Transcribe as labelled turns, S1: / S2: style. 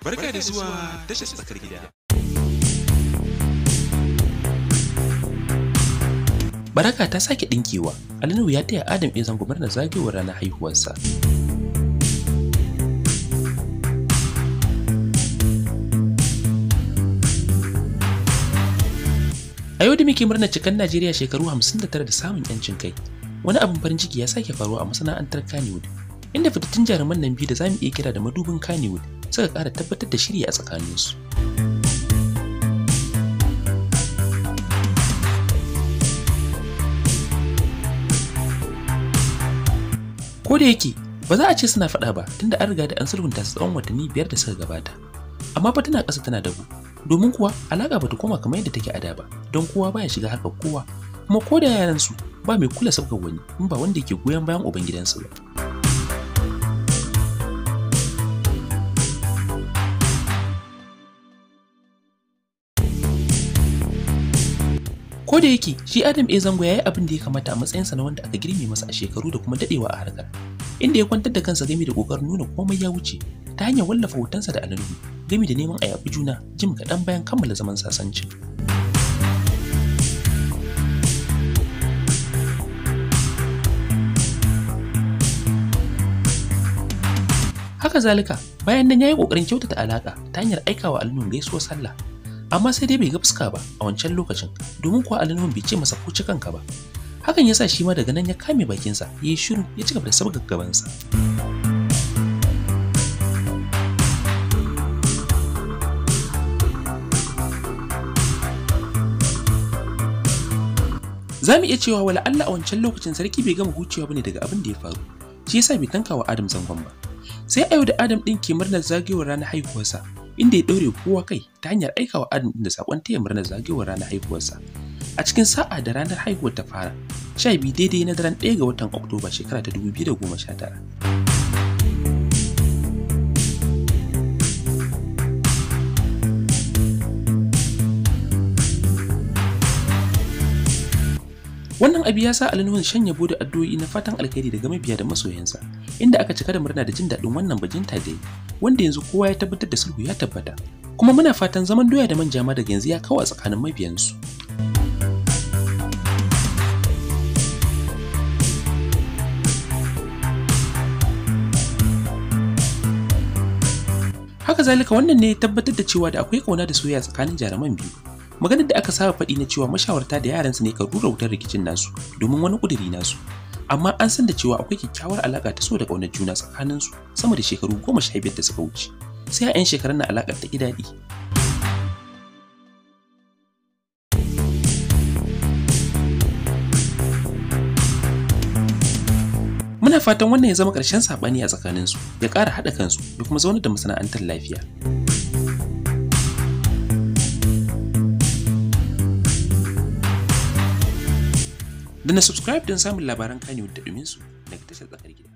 S1: Barka da zuwa tashar tsakar gida. Baraka ta sake ɗinkewa, Alinu ya taya Adam ya zango murnar zagayowar ranar haihuwarsa. A yau da muke murna cikan Najeriya shekaru 59 da samun 'yancin kai, wani abin farin ciki ya sake faruwa a masana'antar Kannywood inda fitattun jaruman nan biyu da za mu iya kira da madubin Kannywood suka ƙara tabbatar da shiri a tsakaninsu. Ko da yake ba za a ce suna faɗa ba tunda an riga da an sulhunta su tsawon watanni biyar da suka gabata. Amma fa tana kasa tana dabu, domin kuwa alaƙa bata koma kamar yadda take a da ba, don kowa baya shiga harkar kowa, kuma ko da yaransu ba mai kula sabgar wani in ba wanda ke goyon bayan ubangidansu ba. ko da yake shi adam a zango ya yi abin da ya kamata a matsayinsa na wanda aka girme masa a shekaru da kuma dadewa a harkar inda ya kwantar da kansa game da kokarin nuna komai ya wuce ta hanyar wallafa hotonsa da alalu game da neman a yaƙi juna jim kaɗan bayan kammala zaman sasancin. Haka zalika, bayan nan ya yi ƙoƙarin kyautata alaka ta hanyar aikawa alnun gaisuwar sallah amma sai dai bai ga fuska ba a wancan lokacin domin kuwa alinuhun bai ce masa kuci kanka ba hakan ya sa shi ma daga nan ya kame bakinsa ya yi shiru ya ci gaba da sabgar gabansa za mu iya cewa wala Allah a wancan lokacin sarki bai gama hucewa bane daga abin da ya faru shi yasa bai tankawa Adam zangon ba sai a yau da Adam din ke murnar zagayowar ranar haihuwarsa inda ya ɗaure kowa kai ta hanyar aikawa Adam da saƙon taya murnar zagayowar ranar haihuwarsa. A cikin sa'a da ranar haihuwar ta fara, sha biyu daidai na daren ɗaya ga watan Oktoba shekara ta 2019. Wannan abu ya sa Alinuwan shan yabo da addu'o'i na fatan alkhairi daga mabiya da masoyansa, inda aka cika da murna da jin daɗin wannan bajinta da wanda yanzu kowa ya tabbatar da sulhu ya tabbata. Kuma muna fatan zaman doya da manja ma daga yanzu ya kawo a tsakanin mabiyansu. Haka zalika wannan ne ya tabbatar da cewa da akwai ƙauna da soyayya tsakanin jaruman biyu. maganar da aka saba faɗi na cewa mashawarta da su ne ka rura wutar rikicin nasu domin wani ƙuduri nasu amma an san da cewa akwai kyakkyawar alaƙa ta so da ƙaunar juna tsakaninsu sama da shekaru goma sha biyar da suka wuce sai a 'yan shekarun na alaƙar ta daɗi. Muna fatan wannan ya zama ƙarshen saɓani a tsakaninsu ya ƙara haɗa kansu ya kuma zaunar da masana'antar lafiya. da na subscribe don samun labaran kanewa da ɗuminsu daga tashar tsakar gida